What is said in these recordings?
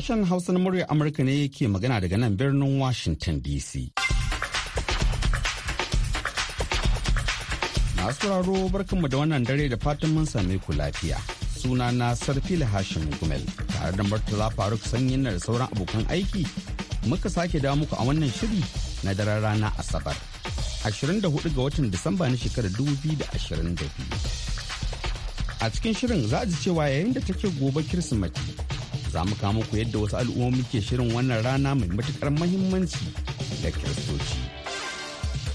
Sashen Hausa na muryar Amurka ne ke magana daga nan birnin Washington DC. Masu raro barkanmu da wannan dare da fatan mun same ku lafiya. Suna na Sarfila Hashim Gumel tare da Murtala Faruk Sanyin da sauran abokan aiki muka sake da muku a wannan shiri na daren rana Asabar. 24 ga watan Disamba na shekarar 2022. A cikin shirin za a ji cewa yayin da take gobe Kirsimeti za mu kawo muku yadda wasu al'ummomi ke shirin wannan rana mai matukar muhimmanci da kiristoci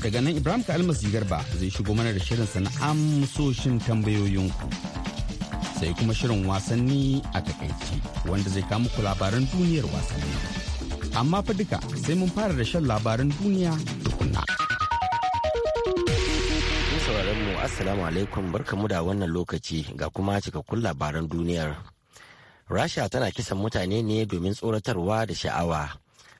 daga nan ibrahim ka almasi garba zai shigo mana da shirin sana amsoshin tambayoyinku sai kuma shirin wasanni a takaici wanda zai kawo muku labaran duniyar wasanni amma fa duka sai mun fara da shan labaran duniya tukuna sauraron mu assalamu alaikum barkamu da wannan lokaci ga kuma cikakkun labaran duniyar rasha tana kisan mutane ne domin tsoratarwa da sha'awa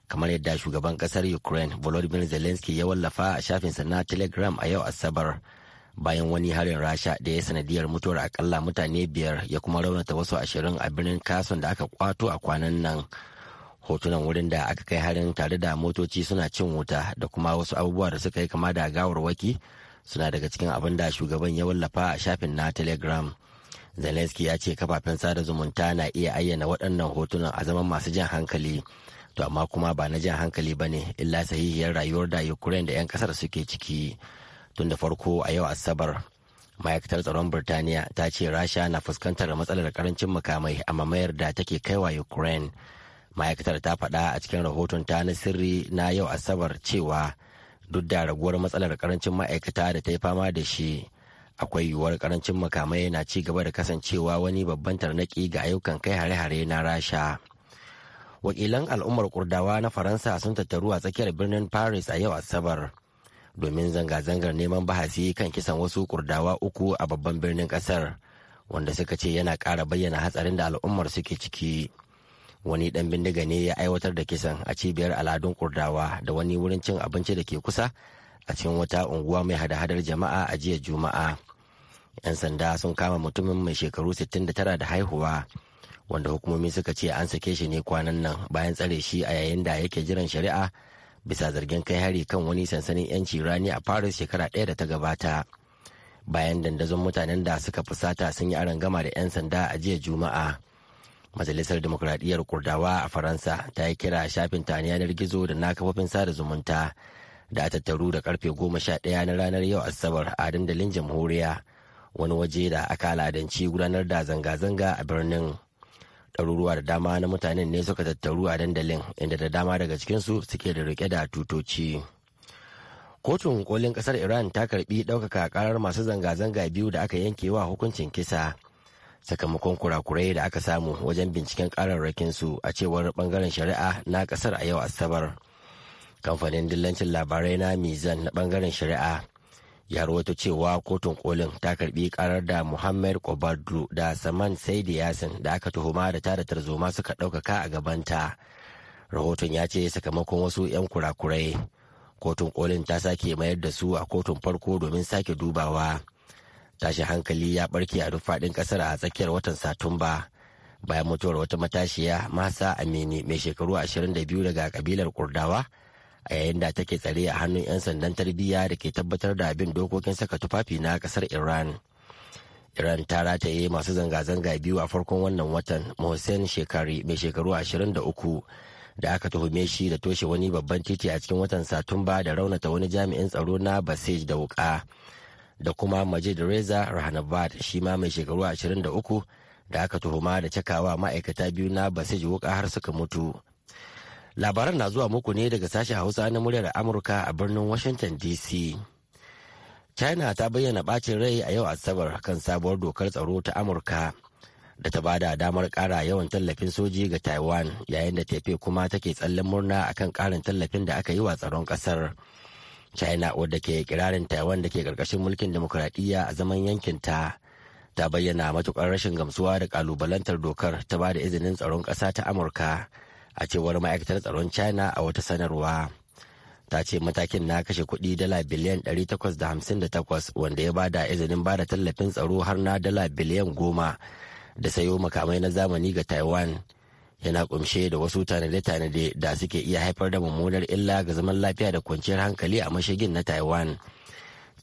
kamar yadda shugaban kasar ukraine volodymyr zelensky ya wallafa a shafinsa na telegram a yau asabar bayan wani harin rasha da ya sanadiyar mutuwar akalla mutane biyar ya kuma raunata wasu ashirin a birnin kason da aka kwato a kwanan nan hotunan wurin da aka kai harin tare da motoci suna cin wuta da kuma wasu abubuwa da suka yi kama da gawarwaki suna daga cikin abin da shugaban ya wallafa a shafin na telegram zelensky ya ce kafafen sada zumunta na iya ayyana waɗannan hotunan a zaman masu jan hankali to amma kuma ba na jan hankali ba ne illa sahihiyar rayuwar da ukraine da 'yan kasar suke ciki tun da farko a yau asabar ma'aikatar tsaron birtaniya ta ce rasha na fuskantar matsalar karancin mukamai a mamayar da take kaiwa ukraine ma'aikatar ta faɗa a cikin rahoton ta na sirri na yau asabar cewa duk da raguwar matsalar karancin ma'aikata da ta yi fama da shi akwai yiwuwar karancin makamai na ci gaba da kasancewa wani babban tarnaki ga ayyukan kai hare-hare na rasha wakilan al'ummar kurdawa na faransa sun tattaru a tsakiyar birnin paris a yau asabar domin zanga-zangar neman bahasi kan kisan wasu kurdawa uku a babban birnin kasar wanda suka ce yana ƙara bayyana hatsarin da al'ummar suke ciki wani ɗan bindiga ne ya aiwatar da kisan a cibiyar aladun kurdawa da wani wurin cin abinci da ke kusa a cikin wata unguwa mai hada-hadar jama'a a jiya juma'a 'yan sanda sun kama mutumin mai shekaru 69 da haihuwa wanda hukumomi suka ce an sake shi ne kwanan nan bayan tsare shi a yayin da yake jiran shari'a bisa zargin kai hari kan wani sansanin 'yanci rani a paris shekara ɗaya da ta gabata bayan dandazon mutanen da suka fusata sun yi arangama da 'yan sanda a jiya juma'a majalisar demokuraɗiyyar kurdawa a faransa ta yi kira shafin ta yanar gizo da na kafofin sada zumunta da a tattaru da karfe goma sha ɗaya na ranar yau asabar a dandalin jamhuriya wani waje da aka ladanci gudanar da zanga-zanga a birnin ɗaruruwa da dama na mutanen ne suka tattaru a dandalin inda da dama daga cikinsu suke da rike da tutoci kotun kolin ƙasar iran ta karbi ɗaukaka karar masu zanga-zanga biyu da aka yanke wa hukuncin kisa sakamakon kurakurai da aka samu wajen binciken kararrakin su a cewar bangaren shari'a na ƙasar a yau asabar kamfanin dillancin labarai na mizan na bangaren shari'a ya rawaito cewa kotun kolin ta karbi karar da muhammad kobadu da saman saidi yasin da aka tuhuma da tada tarzoma suka ɗaukaka a gabanta rahoton ya ce sakamakon wasu 'yan kurakurai kotun kolin ta sake mayar da su a kotun farko domin sake dubawa tashi hankali ya barke a rufaɗin ƙasar a tsakiyar watan satumba bayan mutuwar wata matashiya masa amini mai shekaru 22 daga kabilar kurdawa a yayin da take tsare a hannun 'yan sandan tarbiyya da ke tabbatar da abin dokokin saka tufafi na kasar iran iran ta rataye masu zanga-zanga biyu a farkon wannan watan mohsen shekari mai shekaru 23 da aka tuhume shi da toshe wani babban titi a cikin watan satumba da raunata wani jami'in tsaro na basej da wuka da kuma majid reza rahanabad shi ma mai shekaru 23 da aka tuhuma da cakawa ma'aikata biyu na basej wuka har suka mutu labaran na zuwa muku ne daga sashen hausa na muryar amurka a birnin washington dc china ta bayyana bacin rai a yau asabar kan sabuwar dokar tsaro ta amurka da ta bada damar kara yawan tallafin soji ga taiwan yayin da tefe kuma take tsallin murna akan karin tallafin da aka yi wa tsaron kasar china wadda ke kirarin taiwan da ke karkashin mulkin demokuraɗiyya a zaman yankin ta ta bayyana matukar rashin gamsuwa da kalubalantar dokar ta bada izinin tsaron ƙasa ta amurka a cewar ma'aikatar tsaron china a wata sanarwa ta ce matakin na kashe kuɗi dala biliyan 858 wanda ya bada izinin bada tallafin tsaro har na dala biliyan 10 da sayo makamai na zamani ga taiwan yana kumshe da wasu tanade-tanade da suke iya haifar da mummunar illa ga zaman lafiya da kwanciyar hankali a mashigin na taiwan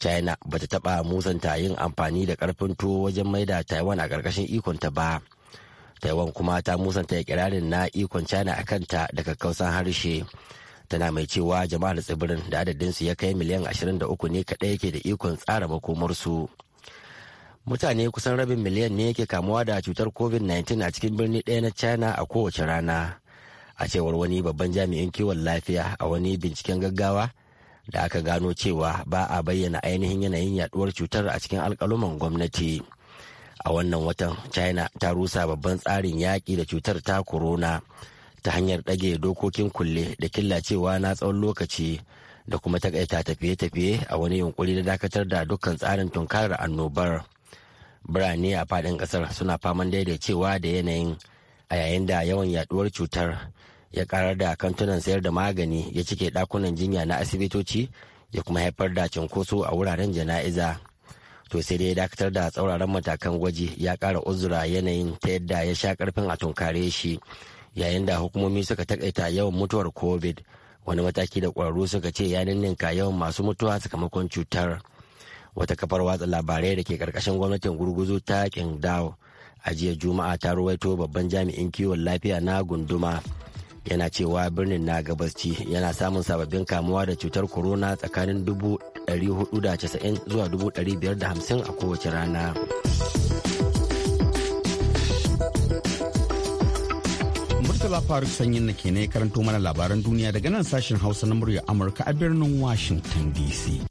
china ba ta taɓa musanta yin amfani da ƙarfin tuwo wajen maida taiwan a ƙarƙashin ikonta ba. taiwan kuma ta musanta ikirarin na ikon china a kanta daga kausan harshe tana mai cewa jama'ar tsibirin da adadinsu ya kai miliyan 23 ne kaɗai yake da ikon tsara makomarsu mutane kusan rabin miliyan ne yake kamuwa da cutar covid-19 a cikin birni ɗaya na china a kowace rana a cewar wani babban jami'in kiwon lafiya a wani binciken gaggawa da aka gano cewa ba a bayyana ainihin yanayin yaduwar cutar a cikin alkaluman gwamnati. a wannan watan china ta rusa babban tsarin yaƙi da cutar ta corona ta hanyar ɗage dokokin kulle da killacewa na tsawon lokaci da kuma takaita tafiye-tafiye a wani yunkuri na dakatar da dukkan tsarin tunkarar annobar birane a faɗin ƙasar suna faman daidaicewa da yanayin a yayin da yawan yaduwar cutar ya karar da kantunan sayar da magani ya cike ɗakunan jinya na asibitoci ya kuma haifar da cunkoso a wuraren jana'iza. to sai dai dakatar da tsauraran matakan gwaji ya kara uzura yanayin ta yadda ya sha karfin a tunkare shi yayin da hukumomi suka takaita yawan mutuwar covid wani mataki da ƙwararru suka ce ya ninninka yawan masu mutuwa sakamakon cutar wata kafar watsa labarai da ke karkashin gwamnatin gurguzu ta qingdao a jiya juma'a ta ruwaito babban jami'in kiwon lafiya na gunduma yana cewa birnin na gabasci yana samun sababbin kamuwa da cutar corona tsakanin dubu 490 zuwa 550 a kowace rana. Murtala Faruk Sanyin na ke ne karanto mana labaran duniya daga nan sashen Hausa na murya Amurka a birnin Washington DC.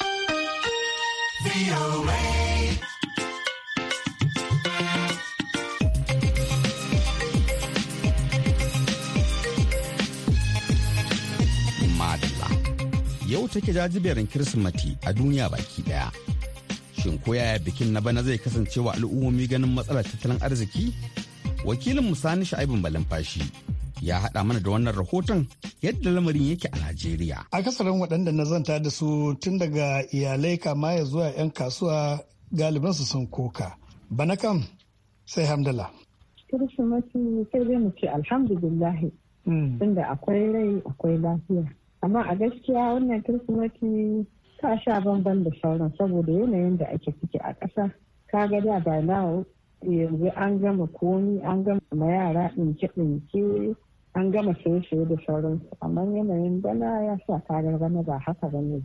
yau take jajiberin kirsimati a duniya baki daya shin ko yaya bikin na bana zai kasance wa al'ummomi ganin matsalar tattalin arziki wakilin musani sha'ibin balinfashi ya hada mana da wannan rahoton yadda lamarin yake a Najeriya. Akasarin waɗanda na zanta da su tun daga iyalai kama ya zuwa 'yan kasuwa galibin su sun koka. Bana kam sai hamdala. kirsimati sai dai mu ce alhamdulillahi. Hmm. Tunda akwai rai akwai lafiya. amma a gaskiya wannan kirsimeti ta sha banban da sauran saboda yanayin da ake ciki a ƙasa kaga da ba na yanzu an gama komi an gama yara ɗinke ɗinke an gama saye da sauransu amma yanayin bana ya sa karar bana ba haka ba ne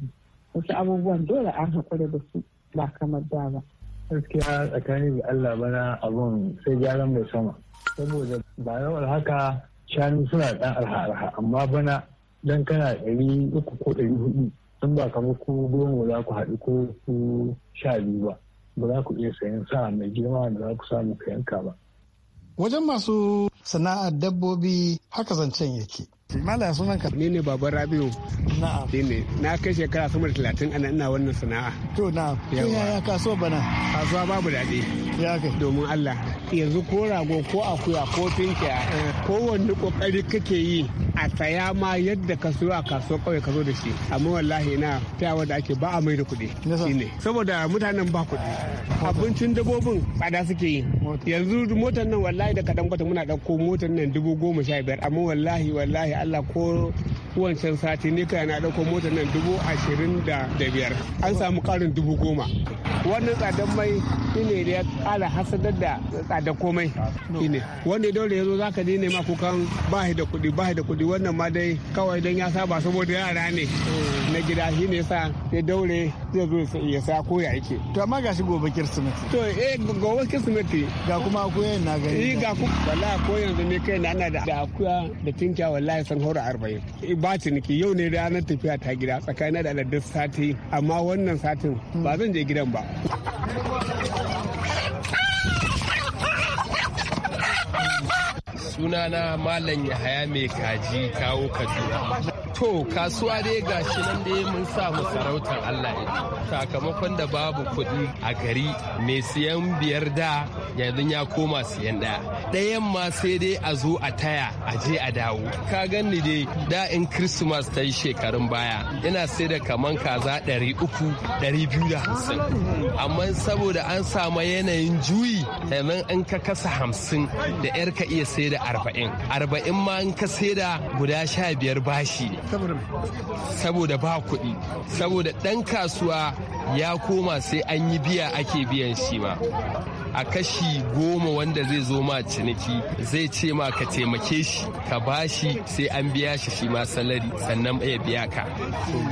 wasu abubuwan dole an haƙura da su ba kamar da ba. gaskiya tsakanin da Allah bana abun sai gyaran mai sama saboda ba yawar haka shanu suna ɗan arha-arha amma bana dan kana ɗari uku ko ɗari hudu in ba kamar ku goma za ku haɗu ko ku sha biyu ba ba za ku iya sayan sa mai girma da za ku samu ka yanka ba. Wajen masu sana'ar dabbobi haka zancen yake. Malaya sunan ka. Ni ne baban Rabiu. Na'am. Ni ne. Na kai shekara sama da talatin ana ina wannan sana'a. To na'am. Yawa. Ya kasuwa bana. Kasuwa babu daɗi. Ya kai. Domin Allah. Yanzu ko rago ko akuya ko tinkiya ko wani kokari kake yi a saya ma yadda ka siyo a kaso kawai ka zo da shi amma wallahi na tayawa da ake ba a mai da kuɗi shine saboda mutanen ba kuɗi abincin dabobin tsada suke yi yanzu motar nan wallahi da kaɗan kwata muna ɗauko motar nan dubu goma sha biyar amma wallahi wallahi Allah ko wancan sati ne kai na ɗauko motar nan dubu ashirin da biyar an samu ƙarin dubu goma wannan tsadan mai shine da ya ƙara hasadar da tsada komai shine wanda dole ya zo zaka ne ma kukan ba da kuɗi ba da kuɗi wannan ma dai kawai don ya saba saboda yara ne na gida shi ne sa ya daure zai zo ya sa ko ya yake to amma shi gobe kirsimeti to eh gobe kirsimeti ga kuma akuya na gari eh ga kuma wallahi ko yanzu ne kai na ana da akuya da tinkiya wallahi san horo arba'in. Eh, ba ciniki yau ne ranar tafiya ta gida tsakanin da aladun sati amma wannan satin ba zan je gidan ba sunana malam yahaya mai kaji kawo kaduna to kasuwa dai ga shi nan dai mun samu sarautar allah ya sakamakon da babu kuɗi a gari mai siyan biyar da yanzu ya koma siyan ɗaya ɗayan ma sai dai a zo a taya a je a dawo ka ganni dai da in christmas ta yi shekarun baya ina sai da kaman kaza ɗari uku ɗari biyu da hamsin amma saboda an samu yanayin juyi yanzu in ka kasa hamsin da yar ka iya sai da arba'in arba'in ma in ka saida guda sha biyar bashi saboda ba kuɗi saboda ɗan kasuwa ya koma sai an yi biya ake biyan shi ma a kashi goma wanda zai zo ma ciniki zai ce ma ka taimake shi ka bashi sai an biya shi shi ma salari sannan ya biya ka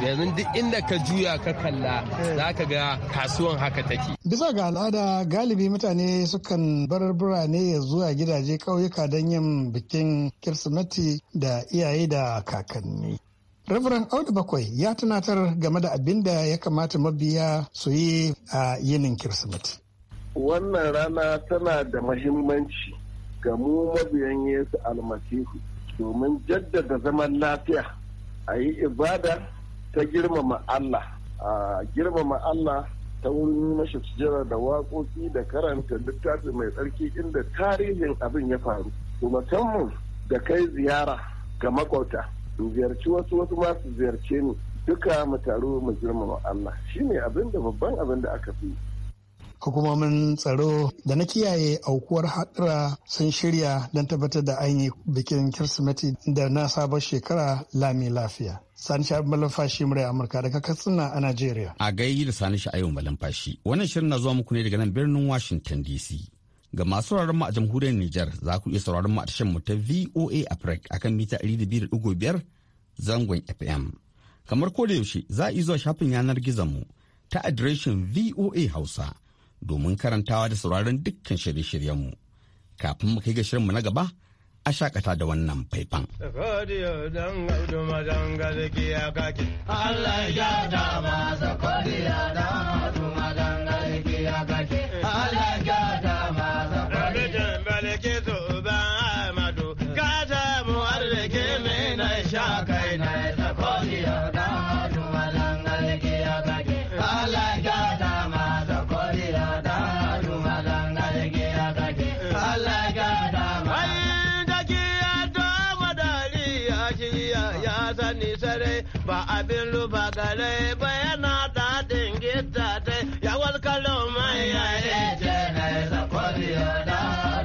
yanzu duk inda ka juya ka kalla za ka ga kasuwan haka take bisa ga al'ada galibi mutane sukan bar birane ya zuwa gidaje kauyuka don yin bikin kirsimeti da iyaye da kakanni Reverend Audu Bakwai ya tunatar game da abin da ya kamata mabiya su yi a yinin Kirsimeti. wannan rana tana da mahimmanci ga mu mabiyan yesu almasihu domin jaddada zaman lafiya a yi ibada ta girmama allah a girmama allah ta wurin mashi sujjara da waƙoƙi da karanta littafi mai tsarki inda tarihin abin ya faru kuma musamman da kai ziyara ga makwauta in ziyarci wasu wasu ma su ziyarce ni duka mu taru mu girmama allah shine abin da babban abin da aka fi hukumomin tsaro da na kiyaye aukuwar haɗura sun shirya don tabbatar da an yi bikin kirsimeti da na sabon shekara lami lafiya sani sha'ib malamfashi murai amurka daga katsina a najeriya a gayi da sani sha'ib malamfashi wannan shirin na zuwa muku ne daga nan birnin washington dc ga masu sauraron mu a jamhuriyar Nijar za ku iya sauraron mu a tashar mu ta VOA Africa akan mita 200.5 zangon FM. Kamar ko da yaushe za a yi zuwa shafin yanar gizon mu ta adireshin Hausa. domin karantawa da sauraron dukkan shirye-shiryenmu. Kafin mu kai ga shirinmu na gaba, a shakata da wannan faifan. Allah ya dama zakariya dama tuma dangalkiya kake. Allah ya da dama zakariya. Rabitin balike zuban Ahmadu, gata mu arziki mai na shaka. abin luba gale bayana daɗin gita dai ya walkalo mai yaye jere da kwariya da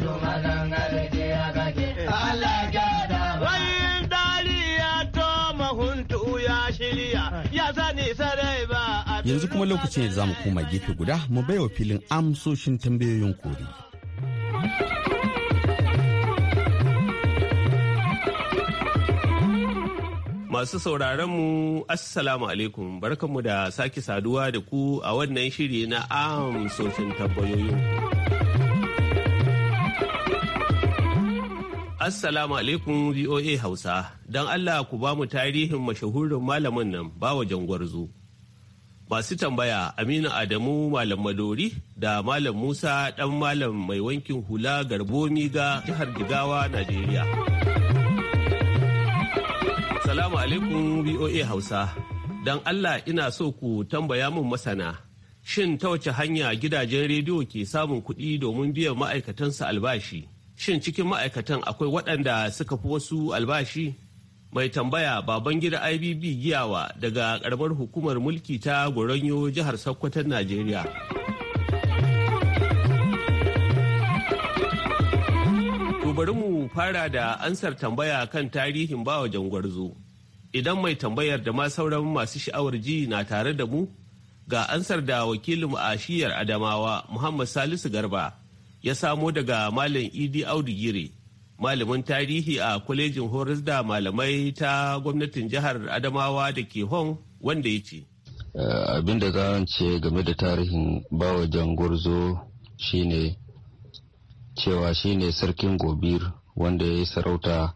lumanan garki ya gage Allah gyara wai dali ya to mahuntu ya shirya ya sani sarai ba yanzu kuma lokacin da zamu koma gefe guda mu baiwa filin amsoshin tambayoyin kori Masu sauraron mu Assalamu alaikum barkanmu da sake saduwa da ku a wannan shiri na amsoshin tambayoyin. Assalamu alaikum VOA Hausa, don Allah ku ba mu tarihin mashahurin malamin nan ba bawa jangwarzo. Masu tambaya Aminu Adamu Malam Madori da Malam Musa ɗan Malam mai wankin hula garbomi ga jihar Jigawa, Najeriya. Assalamu alaikum BOA Hausa. Don Allah ina so ku tambaya mun masana. Shin ta wace hanya gidajen rediyo ke samun kuɗi domin biyan ma'aikatansu albashi? Shin cikin ma'aikatan akwai waɗanda suka fi wasu albashi? Mai tambaya baban gida IBB giyawa daga ƙaramar hukumar mulki ta Goronyo jihar Sokoton Najeriya. bari mu fara da ansar tambaya kan tarihin bawa jangwarzo. Idan mai tambayar da ma sauran masu sha'awar ji na tare da mu ga ansar da wakilin a shiyar Adamawa Muhammad Salisu Garba ya samo daga Malam Idi Audu Gire, malamin tarihi a kwalejin horis da malamai ta gwamnatin jihar Adamawa da ke Hon wanda ya ce. Eh, abin da za ce game da tarihin bawa jangwarzo shine cewa shine sarkin gobir wanda ya yi sarauta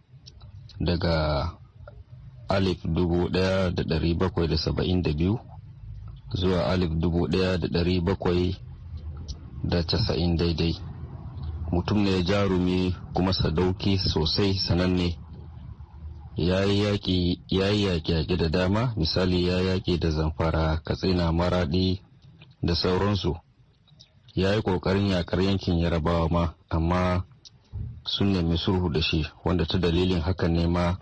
daga alif dubu zuwa alif da dari bakwai daidai mutum ne jarumi kuma sadauki sosai sananne ya yi yaƙi da dama misali ya yaƙi da zamfara katsina maraɗi da sauransu ya yi ƙoƙarin yakar yankin yarabawa ma amma sun nemi sulhu da shi wanda ta dalilin hakan ne ma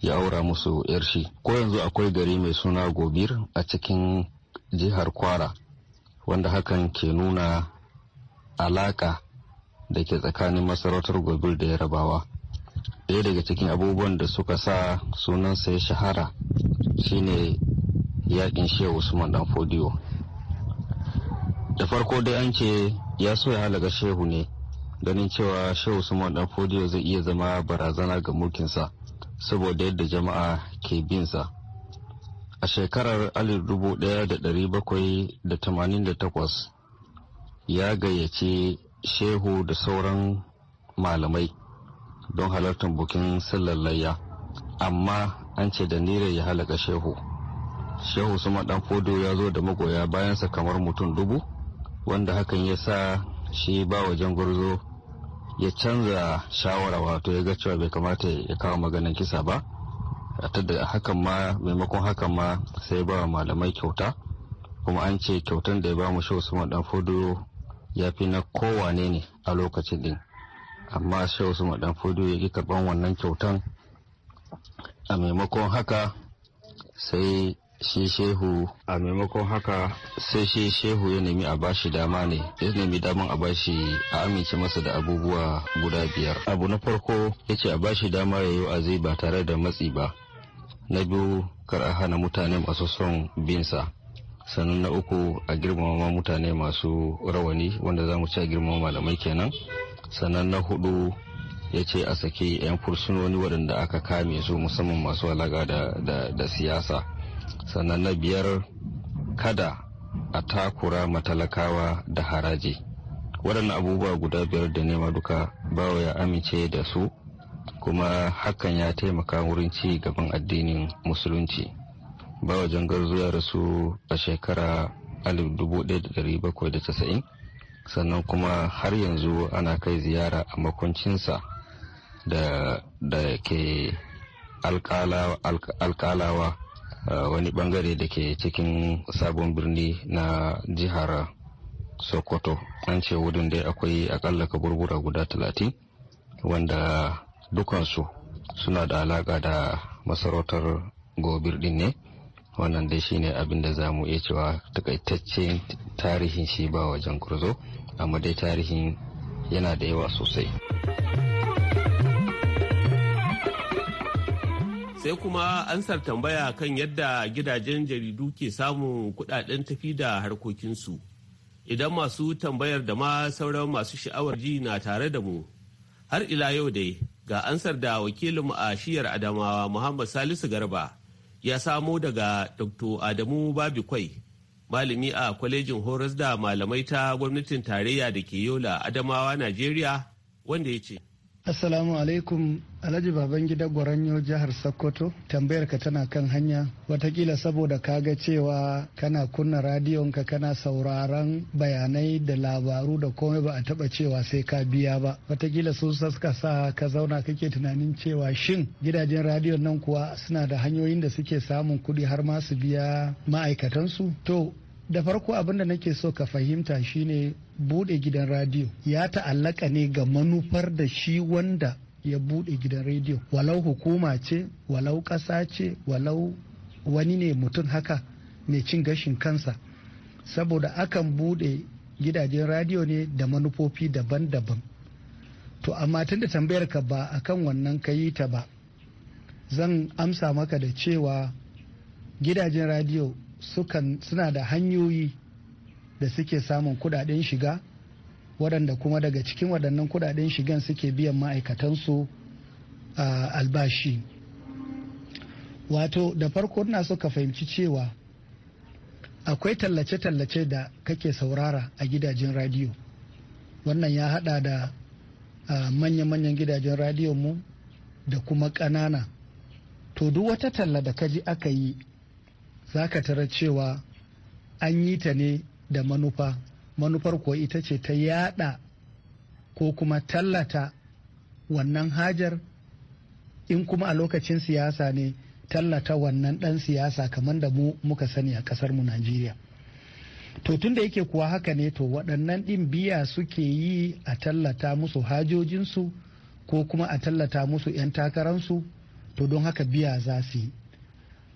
ya aura musu yar shi ko yanzu akwai gari mai suna gobir a cikin jihar kwara wanda hakan ke nuna alaka da ke tsakanin masarautar gobir da yarabawa ɗaya daga cikin abubuwan da suka sa sunansa ya shahara shine yakin shehu usman dan fodiyo da farko dai an ce ya so ya halaga shehu ne ganin cewa shehu usman dan fodiyo zai iya zama barazana ga mulkinsa saboda yadda jama'a ke binsa a shekarar 1788 ya gayyace shehu da sauran malamai don halartar bukin sallallayya amma an ce da nira ya halaga shehu shehu suma dan fodo ya zo da magoya bayansa kamar mutum dubu wanda hakan ya sa shi ba wajen gurzo ya canza shawara wato ya ga cewa bai kamata ya kawo maganin kisa ba ta da hakan ma maimakon hakan ma sai ba malamai kyauta kuma an ce kyautan da ya ba mu shi usman dan fudu ya fi na kowane ne a lokacin din amma shi usman dan fudu ya ki karban wannan kyautan a maimakon haka sai shi shehu a maimakon haka sai shi shehu ya nemi a bashi dama ne ya nemi daman a bashi a amince masa da abubuwa guda biyar abu na farko ya ce a bashi dama ya yi wa'azi ba tare da matsi ba na biyu kar a hana mutane masu son binsa sannan na uku a girmama mutane masu rawani wanda za mu ci a girmama malamai kenan sannan na hudu ya ce a sake 'yan fursunoni waɗanda aka kame su musamman masu alaƙa da siyasa sannan na biyar kada a takura matalakawa da haraji waɗannan abubuwa guda biyar da nema duka bawa ya amince da su kuma hakan ya taimaka wurin ci gaban addinin musulunci bawa jangar zuwa rasu a shekara 1790 sannan kuma har yanzu ana kai ziyara a makuncinsa da ke alkalawa wani bangare da ke cikin sabon birni na jihar sokoto an ce wurin dai akwai akalla kaburbura guda talatin wanda dukansu suna da alaka da masarautar gobir din ne wannan dai shine abin da za mu iya cewa takaitaccen tarihin shi ba wajen kurzo amma dai tarihin yana da yawa sosai. sai kuma ansar tambaya kan yadda gidajen jaridu ke samun kudaden tafi da harkokinsu idan masu tambayar da ma sauran masu sha'awar ji na tare da mu har ila yau dai ga ansar da wakilinmu a shiyar adamawa muhammad salisu garba ya samo daga dr adamu babikwai malami a kwalejin horas da malamai ta gwamnatin tarayya da ke yola adamawa najeriya wanda ya ce Assalamu alaikum Alhaji Babangida Gwaranyo jihar Sokoto tambayar ka tana kan hanya watakila saboda kaga cewa kana kunna radiyon ka kana sauraron bayanai da labaru da komai ba a taba cewa sai ka biya ba watakila su saska sa ka zauna kake tunanin cewa shin gidajen radiyon nan kuwa suna da hanyoyin da suke samun kudi har ma su biya ma'aikatansu to da farko abin da nake so ka fahimta shine bude gidan radiyo ya ta'allaka ne ga manufar da shi wanda ya bude gidan rediyo walau hukuma ce walau ƙasa ce walau wani ne mutum haka mai cin gashin kansa saboda akan bude gidajen radiyo ne da manufofi daban-daban to amma tun da tambayar ka ba akan wannan kayi ta ba zan amsa maka da cewa gidajen radiyo sukan suna da hanyoyi da suke samun kudaden shiga waɗanda kuma daga cikin waɗannan kudaden shigan suke biyan ma'aikatansu a albashi wato da farko na suka fahimci cewa akwai tallace-tallace da kake saurara a gidajen radiyo wannan ya hada da manya-manyan gidajen radiyon mu da kuma ƙanana to duk wata talla da kaji aka yi za ka tara cewa an yi ta ne da manufa manufar kuwa ita ce ta yada ko kuma tallata wannan hajar in kuma a lokacin siyasa ne tallata wannan dan siyasa kamar da mu muka sani a kasar mu Najeriya. To tun da yake kuwa haka ne to waɗannan ɗin biya suke yi a tallata musu hajojinsu ko kuma a tallata musu 'yan takararsu to don haka biya za su yi.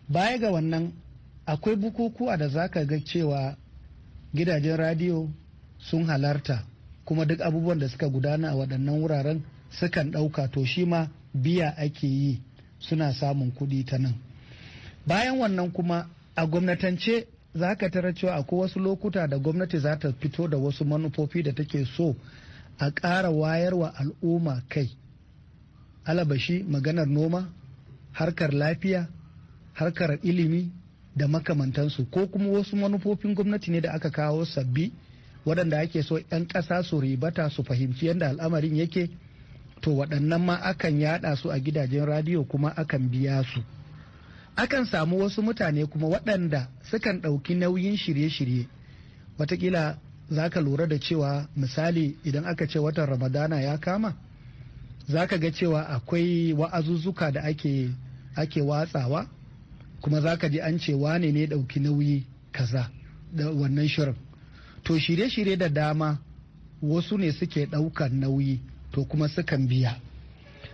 Baya ga wannan akwai bukukuwa da zaka ga cewa gidajen radio sun halarta kuma duk abubuwan da suka gudana a waɗannan wuraren sukan ɗauka to shi ma biya ake yi suna samun kuɗi ta nan bayan wannan kuma a gwamnatance za ka tara cewa akwai wasu lokuta da gwamnati za ta fito da wasu manufofi da take so a ƙara wayarwa al'umma kai alabashi maganar noma harkar lafiya harkar ilimi da makamantansu ko kuma wasu manufofin gwamnati ne da aka kawo sabbi waɗanda ake so 'yan ƙasa su ribata su fahimci yadda al'amarin yake to waɗannan ma akan yaɗa su a gidajen radiyo kuma akan biya su akan samu wasu mutane kuma waɗanda sukan ɗauki nauyin shirye-shirye watakila za ka lura da cewa misali idan aka ce watan ramadana ya kama za ka ga cewa akwai wa'azuzzuka da ake, ake watsawa kuma za ka ji an ce wane ne ɗauki nauyi kaza da wannan shirin to shirye-shirye da dama wasu ne suke ɗaukar nauyi to kuma sukan biya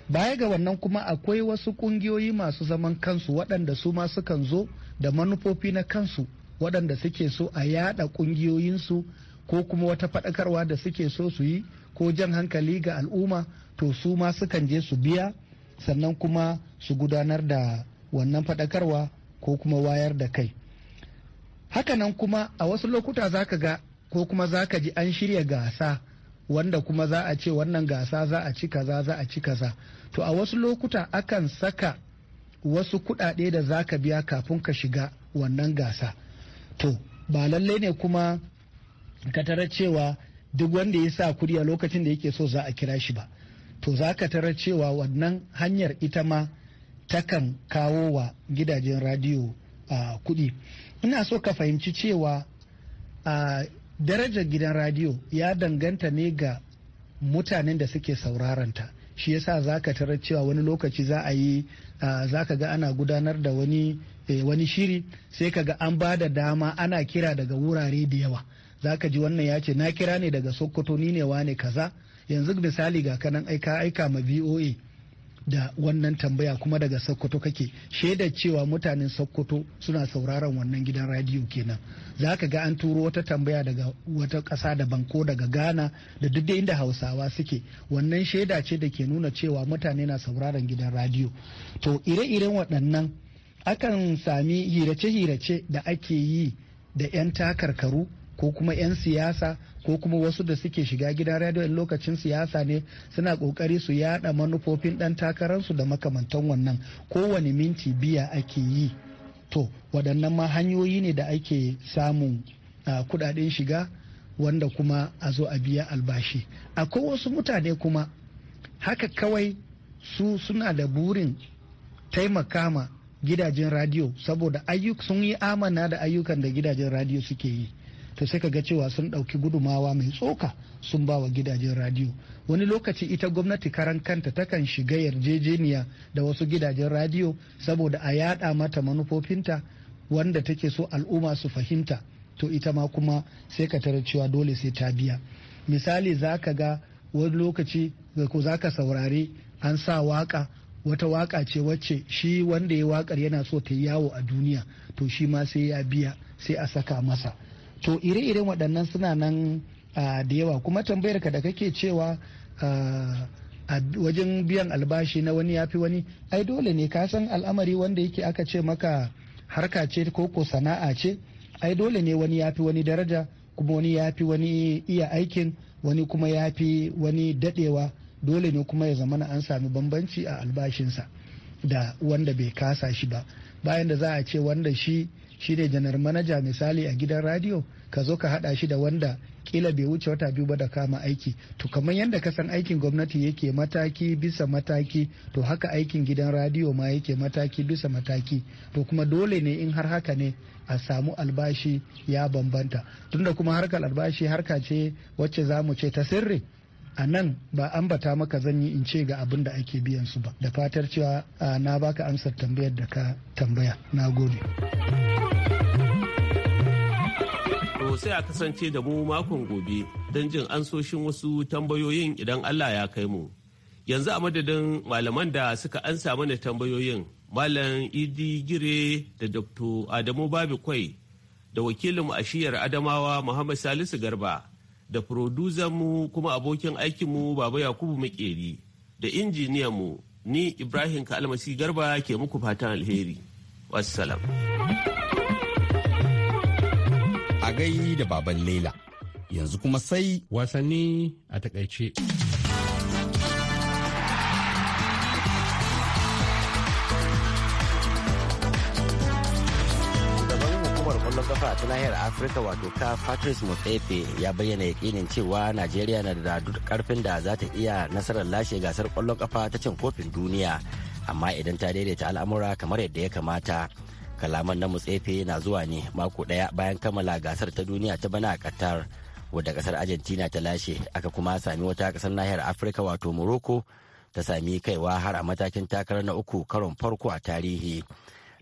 baya ga wannan kuma akwai wasu ƙungiyoyi masu zaman kansu waɗanda su ma sukan zo da manufofi na kansu waɗanda suke so a yada kungiyoyinsu ko kuma wata faɗakarwa da suke so su yi ko jan hankali ga al'umma to su ma sukan je su biya sannan kuma su gudanar da wannan faɗakarwa ko kuma wayar da kai hakanan kuma a wasu lokuta za ka ga ko kuma za ka ji an shirya gasa wanda kuma za a ce wannan gasa za a ci kaza za a ci kaza to a wasu lokuta akan saka wasu kuɗaɗe da za ka biya kafin ka shiga wannan gasa to ba lallai ne kuma ka tara cewa duk wanda ya sa kuɗi a lokacin da yake so za a kira shi ba to za ka tara cewa wannan hanyar ita ma takan kawo wa gidajen radiyo a kuɗi ina so ka fahimci cewa a darajar gidan radiyo ya danganta ne ga mutanen da suke sauraranta shi yasa za ka tarar cewa wani lokaci za a yi za ka ga ana gudanar da wani e, wani shiri sai ka ga an ba da dama ana kira daga wurare da yawa za ka ji wannan ya ce na kira ne daga sokoto ni ne wane kaza yanzu misali ga kanan aika aika ma voa da wannan tambaya kuma daga sokoto kake shaidar cewa mutanen sokoto suna sauraron wannan gidan radiyo kenan za ka ga an turo wata tambaya daga wata ƙasa daban ko daga ghana da duk inda hausawa suke wannan shaida ce da ke nuna cewa mutane na sauraron gidan radiyo to ire-iren waɗannan akan sami hirace-hirace da ake yi da 'yan takarkaru ko kuma 'yan siyasa ko kuma wasu da suke shiga gidan radio in lokacin siyasa ne suna kokari su yada manufofin dan takararsu da makamantan wannan kowane minti biya ake yi to waɗannan ma hanyoyi ne da ake samun kudaden shiga wanda kuma a zo a biya albashi akwai wasu mutane kuma haka kawai su suna da burin taimakama gidajen radiyo saboda sun yi amana da ayyukan da gidajen radiyo suke yi ta sai ka ga cewa sun ɗauki gudumawa mai tsoka sun ba wa gidajen radio wani lokaci ita gwamnati karan kanta takan shiga yarjejeniya da wasu gidajen radio saboda a yada mata manufofinta wanda take so al'umma su fahimta to ita ma kuma sai ka tarar cewa dole sai ta biya misali za ka ga wani lokaci ko za ka saurare an sa waka wata waka ce wacce shi wanda ya wakar yana so ta yawo a duniya to shi ma sai ya biya sai a saka masa to ire-iren waɗannan suna nan da yawa kuma tambayar ka da kake cewa a wajen biyan albashi na wani yafi wani ai dole ne ka san al'amari wanda yake aka ce maka harka ce ko sana'a ce ai dole ne wani yafi wani daraja kuma wani yafi wani iya aikin wani kuma yafi wani dadewa dole ne kuma ya zamana an sami bambanci a albashinsa da wanda bai kasa shi ba bayan da za a ce wanda shi shine janar manaja misali a gidan radio ka zo ka hada shi da wanda kila bai wuce wata biyu ba da kama aiki to kamar yadda ka san aikin gwamnati yake mataki bisa mataki to haka aikin gidan radio ma yake mataki bisa mataki to kuma dole ne in har haka ne a samu albashi ya bambanta tunda kuma harkar albashi harka ce wacce za mu ce ta sirri a nan ba ambata maka zanyi in ce ga abin da ake biyan su ba da fatar cewa na baka amsar tambayar da ka tambaya na gode sai a kasance da mu makon gobe don jin ansoshin wasu tambayoyin idan Allah ya kai mu. Yanzu a madadin malaman da suka ansa mana tambayoyin Malam Idi Gire da Dr. Adamu babu Kwai da wakilin ashiyar Adamawa Muhammad Salisu Garba da mu kuma abokin mu baba yakubu makeri da mu ni ibrahim kalmasi garba ke muku fatan alheri wassalam a gai da baban laila yanzu kuma sai wasanni a takaice. kwallon kafa ta nahiyar afirka wato ka patrice mutsefe ya bayyana yakinin cewa najeriya na da karfin da za ta iya nasarar lashe gasar kwallon kafa ta cin kofin duniya amma idan ta daidaita al'amura kamar yadda ya kamata kalaman na mutsefe na zuwa ne mako daya bayan kammala gasar ta duniya ta bana a qatar wadda kasar argentina ta lashe aka kuma sami wata kasar nahiyar afirka wato morocco ta sami kaiwa har a matakin takarar na uku karon farko a tarihi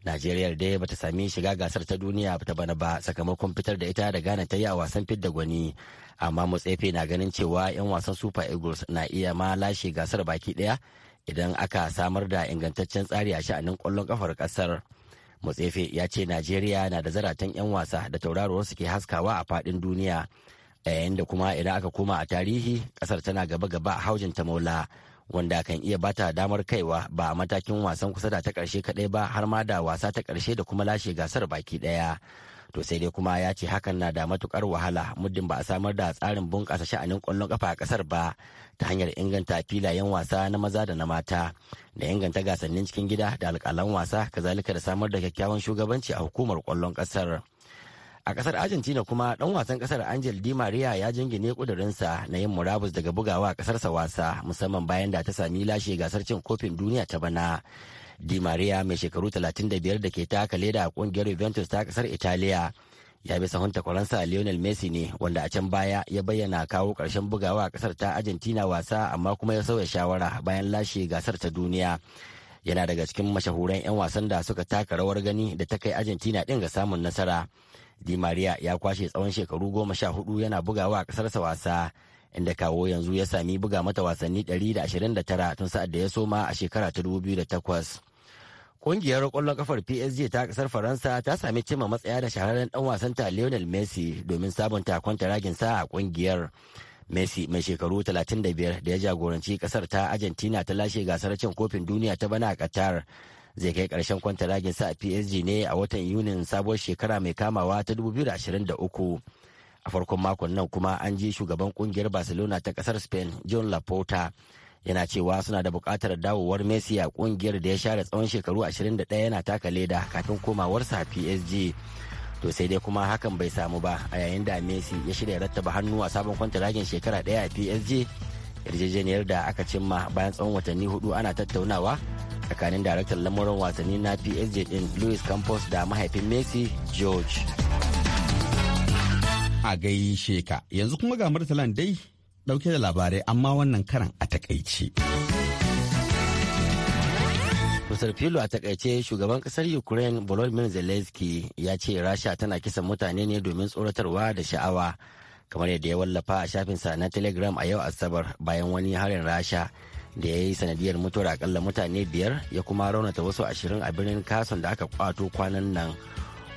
Najeriya dai bata sami shiga gasar ta duniya ta bana ba sakamakon fitar da ita da gane ta yi a wasan fidda gwani. Amma Mutsefe na ganin cewa 'yan wasan Super Eagles na iya ma lashe gasar baki ɗaya idan aka samar da ingantaccen tsari a sha'anin ƙwallon ƙafar ƙasar. Mutsefe ya ce Najeriya na da zaratan 'yan wasa da su ke haskawa a faɗin duniya. Yayin da kuma idan aka koma a tarihi ƙasar tana gaba-gaba a haujin ta maula wanda kan iya bata damar kaiwa ba a matakin wasan kusa da ta karshe kadai ba har ma da wasa ta karshe da kuma lashe gasar baki ɗaya. To sai dai kuma ya ce hakan na da matukar wahala muddin ba a samar da tsarin bunƙasa sha'anin kwallon kafa a ƙasar ba ta hanyar inganta filayen wasa na maza da na mata da inganta gasannin cikin gida da alkalan wasa kazalika da samar da kyakkyawan shugabanci a hukumar kwallon ƙasar. a kasar argentina kuma ɗan wasan kasar angel di maria ya jingine kudurinsa na yin murabus daga bugawa a ƙasarsa wasa musamman bayan da ta sami lashe gasar cin kofin duniya ta bana di maria mai shekaru 35 da ke taka leda a kungiyar juventus ta ƙasar italiya ya bi sahun takwaransa lionel messi ne wanda a can baya ya bayyana kawo ƙarshen bugawa a ƙasar ta argentina wasa amma kuma ya sauya shawara bayan lashe gasar ta duniya yana daga cikin mashahuran 'yan wasan da suka taka rawar gani da ta kai argentina din ga samun nasara di maria ya kwashe tsawon shekaru goma sha hudu yana bugawa a kasarsa wasa inda kawo yanzu ya sami buga mata wasanni da da ashirin tara tun sa'ad da ya soma a shekara ta da takwas. Kungiyar kwallon kafar PSG ta kasar Faransa ta sami cimma matsaya da shahararren dan wasanta Lionel Messi domin sabunta kwanta ragin sa a kungiyar Messi mai shekaru 35 da ya jagoranci kasar ta Argentina ta lashe gasar cin kofin duniya ta bana a Qatar. Zai kai karshen kwanta ragin sa a PSG ne a watan Yunin sabuwar shekara mai kamawa ta 2023. A farkon makon nan kuma an ji shugaban kungiyar Barcelona ta kasar Spain John Laporta yana cewa suna da buƙatar dawowar Messi a kungiyar da ya share tsawon shekaru 21 yana taka leda kafin komawarsa a PSG. to sai dai kuma hakan bai samu ba a yayin da messi ya shirya rattaba hannu a sabon kwantaragin shekara daya a psg yarjejeniyar da aka cimma bayan tsawon watanni hudu ana tattaunawa tsakanin daraktan lamuran wasanni na psg din luis campos da mahaifin messi george a gaishe ka yanzu kuma ga murtalan dai dauke da labarai amma wannan karan a takaice. dr. filo a takaice shugaban kasar Ukraine Volodymyr Zelensky ya ce Rasha tana kisan mutane ne domin tsoratarwa da sha'awa kamar yadda ya wallafa a shafinsa na Telegram a yau Asabar bayan wani harin Rasha da ya yi sanadiyar mutuwar akalla mutane biyar ya kuma raunata wasu ashirin a birnin kason da aka kwato kwanan nan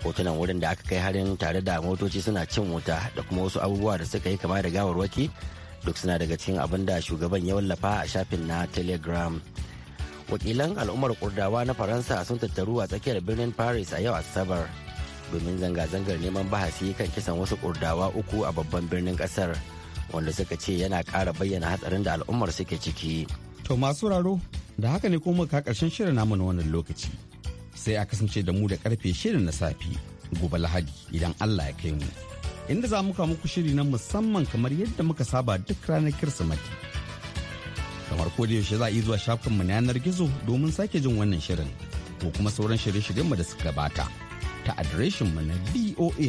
hotunan wurin da aka kai harin tare da motoci suna cin wuta da kuma wasu abubuwa da suka yi kama da gawarwaki duk suna daga cikin abin da shugaban ya wallafa a shafin na telegram wakilan al'ummar kurdawa na faransa sun tattaru a tsakiyar birnin paris a yau asabar domin zanga-zangar neman bahasi kan kisan wasu kurdawa uku a babban birnin kasar wanda suka ce yana kara bayyana hatsarin da al'ummar suke ciki to masu raro da haka ne kuma ka karshen shirin namu na wannan lokaci sai a kasance da mu da karfe shirin na safi gobe lahadi idan allah ya kai mu inda za mu muku shiri na musamman kamar yadda muka saba duk ranar kirsimati kamar ko da yaushe za a yi zuwa shafinmu na yanar gizo domin sake jin wannan shirin ko kuma sauran shirye-shiryenmu da suka gabata ta adireshinmu na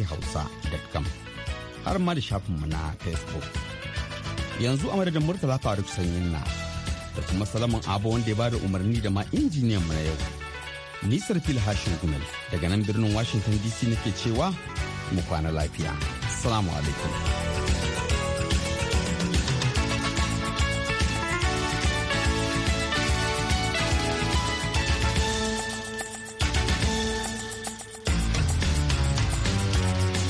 hausa.com har ma da shafinmu na facebook yanzu a madadin murtala faruk sanyin na da kuma salamin abu wanda ya bada umarni da ma injiniyan mu na yau nisar fil hashin gumel daga nan birnin washington dc nake cewa mu kwana lafiya salamu alaikum